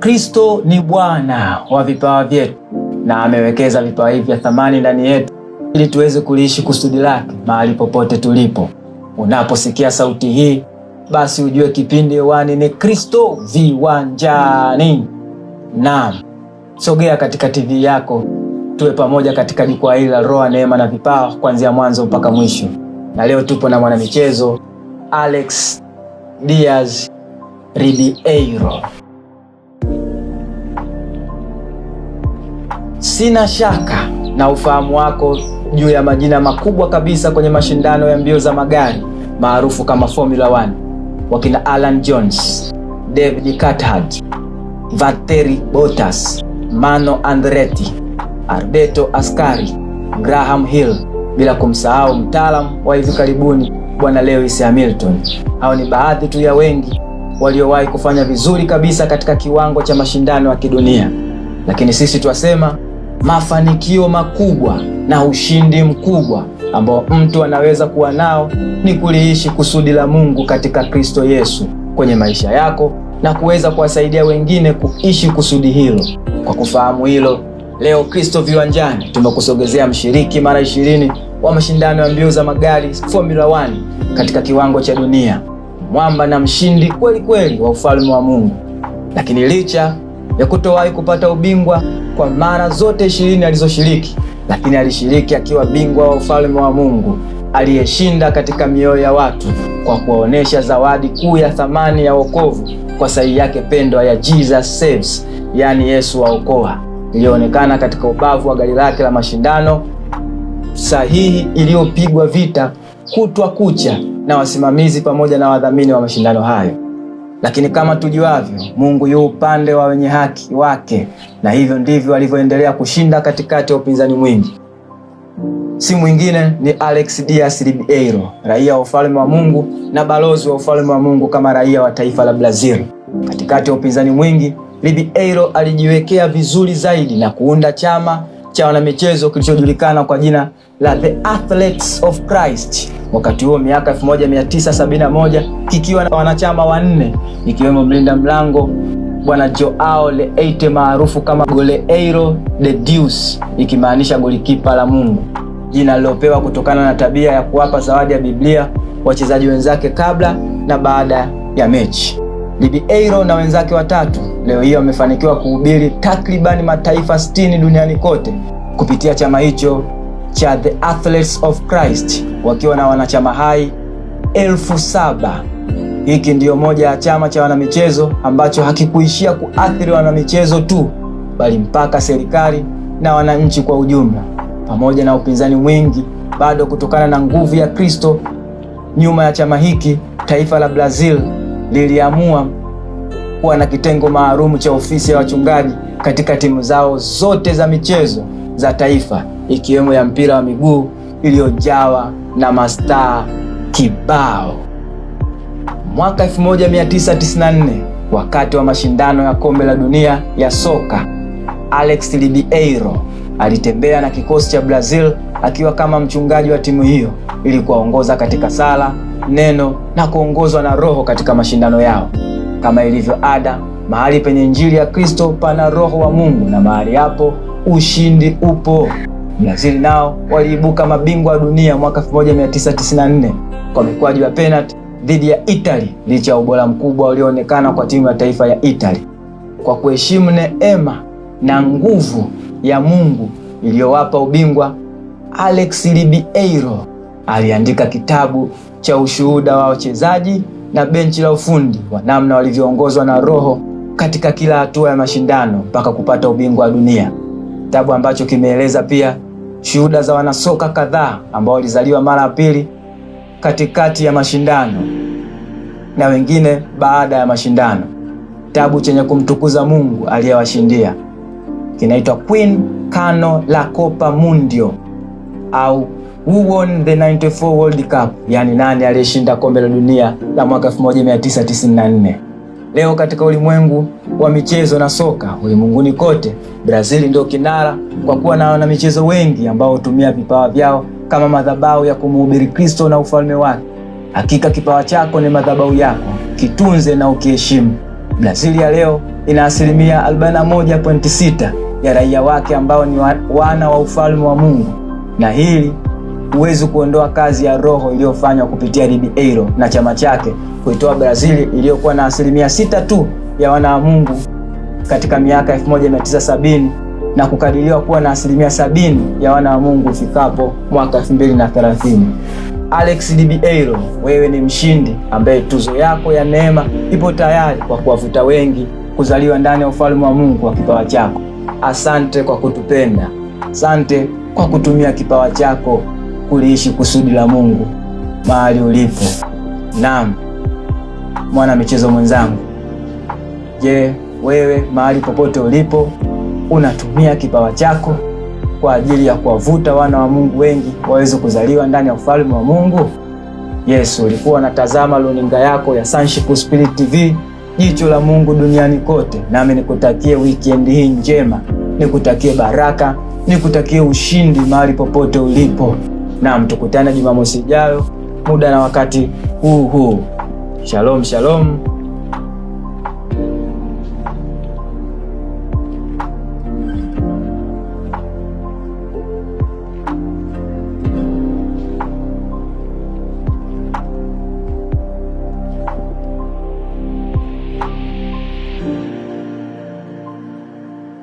Kristo ni Bwana wa vipawa vyetu na amewekeza vipawa hivi vya thamani ndani yetu ili tuweze kuliishi kusudi lake mahali popote tulipo. Unaposikia sauti hii, basi ujue kipindi hewani ni Kristo Viwanjani. Naam, sogea katika TV yako tuwe pamoja katika jukwaa hili la Roho, Neema na Vipawa kuanzia mwanzo mpaka mwisho. Na leo tupo na mwanamichezo Alex Diaz Ribeiro. Sina shaka na ufahamu wako juu ya majina makubwa kabisa kwenye mashindano ya mbio za magari maarufu kama Formula 1, wakina Alan Jones, David Coulthard, Valtteri Bottas, Mano Andretti, Alberto Ascari, Graham Hill, bila kumsahau mtaalam wa hivi karibuni bwana Lewis Hamilton. Hao ni baadhi tu ya wengi waliowahi kufanya vizuri kabisa katika kiwango cha mashindano ya kidunia, lakini sisi twasema mafanikio makubwa na ushindi mkubwa ambao mtu anaweza kuwa nao ni kuliishi kusudi la Mungu katika Kristo Yesu kwenye maisha yako na kuweza kuwasaidia wengine kuishi kusudi hilo. Kwa kufahamu hilo, leo Kristo Viwanjani tumekusogezea mshiriki mara ishirini wa mashindano ya mbio za magari Formula 1 katika kiwango cha dunia, mwamba na mshindi kweli kweli wa ufalme wa Mungu. Lakini licha ya kutowahi kupata ubingwa kwa mara zote ishirini alizoshiriki, lakini alishiriki akiwa bingwa wa ufalme wa Mungu aliyeshinda katika mioyo ya watu kwa kuwaonyesha zawadi kuu ya thamani ya wokovu kwa sahihi yake pendwa ya Jesus Saves, yaani Yesu waokoa, iliyoonekana katika ubavu wa gari lake la mashindano, sahihi iliyopigwa vita kutwa kucha na wasimamizi pamoja na wadhamini wa mashindano hayo. Lakini kama tujuavyo, Mungu yu upande wa wenye haki wake, na hivyo ndivyo alivyoendelea kushinda katikati ya upinzani mwingi. Si mwingine ni Alex Dias Ribeiro, raia wa ufalme wa Mungu na balozi wa ufalme wa Mungu kama raia wa taifa la Brazil. Katikati ya upinzani mwingi, Ribeiro alijiwekea vizuri zaidi na kuunda chama cha wanamichezo kilichojulikana kwa jina la The Athletes of Christ, wakati huo miaka 1971 kikiwa na wanachama wanne ikiwemo mlinda mlango Bwana Joao Leite maarufu kama Goleiro de Deus, ikimaanisha golikipa la Mungu, jina lilopewa kutokana na tabia ya kuwapa zawadi ya Biblia wachezaji wenzake kabla na baada ya mechi. libieiro na wenzake watatu leo hii wamefanikiwa kuhubiri takribani mataifa 60 duniani kote kupitia chama hicho cha The Athletes of Christ wakiwa na wanachama hai elfu saba. Hiki ndiyo moja ya chama cha wanamichezo ambacho hakikuishia kuathiri wanamichezo tu, bali mpaka serikali na wananchi kwa ujumla, pamoja na upinzani mwingi. Bado kutokana na nguvu ya Kristo nyuma ya chama hiki, taifa la Brazil liliamua kuwa na kitengo maalum cha ofisi ya wachungaji katika timu zao zote za michezo za taifa ikiwemo ya mpira wa miguu iliyojawa na mastaa kibao. Mwaka 1994 wakati wa mashindano ya kombe la dunia ya soka, Alex Ribeiro alitembea na kikosi cha Brazil akiwa kama mchungaji wa timu hiyo ili kuwaongoza katika sala, neno na kuongozwa na Roho katika mashindano yao. Kama ilivyo ada, mahali penye Injili ya Kristo pana Roho wa Mungu na mahali hapo ushindi upo. Brazil nao waliibuka mabingwa wa dunia mwaka 1994 kwa mikwaju ya penalti dhidi ya Italy licha ya ubora mkubwa ulioonekana kwa timu ya taifa ya Italy kwa kuheshimu neema na nguvu ya Mungu iliyowapa ubingwa, Alex Ribeiro aliandika kitabu cha ushuhuda wa wachezaji na benchi la ufundi wa namna walivyoongozwa na Roho katika kila hatua ya mashindano mpaka kupata ubingwa wa dunia, kitabu ambacho kimeeleza pia shuhuda za wanasoka kadhaa ambao walizaliwa mara ya pili katikati ya mashindano na wengine baada ya mashindano. Kitabu chenye kumtukuza Mungu aliyewashindia kinaitwa Queen Kano la Copa Mundio au Who won the 94 World Cup, yani nani aliyeshinda kombe la dunia la mwaka 1994. Leo katika ulimwengu wa michezo na soka ulimwenguni kote, Brazil ndio kinara kwa kuwa na wanamichezo wengi ambao hutumia vipawa vyao kama madhabahu ya kumhubiri Kristo na ufalme wake. Hakika kipawa chako ni madhabahu yako, kitunze na ukiheshimu. Brazil ya leo ina asilimia 41.6 ya raia wake ambao ni wana wa ufalme wa Mungu, na hili huwezi kuondoa kazi ya Roho iliyofanywa kupitia Ribeiro na chama chake kuitoa Brazil iliyokuwa na asilimia sita tu ya wana wa Mungu katika miaka 1970 na kukadiriwa kuwa na asilimia sabini ya wana wa Mungu ifikapo mwaka 2030. Alex Dibiero, wewe ni mshindi ambaye tuzo yako ya neema ipo tayari kwa kuwavuta wengi kuzaliwa ndani ya ufalme wa Mungu kwa kipawa chako. Asante kwa kutupenda, asante kwa kutumia kipawa chako kuliishi kusudi la Mungu mahali ulipo. Naam, mwana michezo mwenzangu Je, wewe mahali popote ulipo unatumia kipawa chako kwa ajili ya kuwavuta wana wa Mungu wengi waweze kuzaliwa ndani ya ufalme wa Mungu? Yesu, ulikuwa unatazama luninga yako ya Sonship Spirit TV, jicho la Mungu duniani kote, nami nikutakie weekend hii njema, nikutakie baraka, nikutakie ushindi mahali popote ulipo, na mtukutane Jumamosi ijayo muda na wakati huu huu. Shalom, shalom.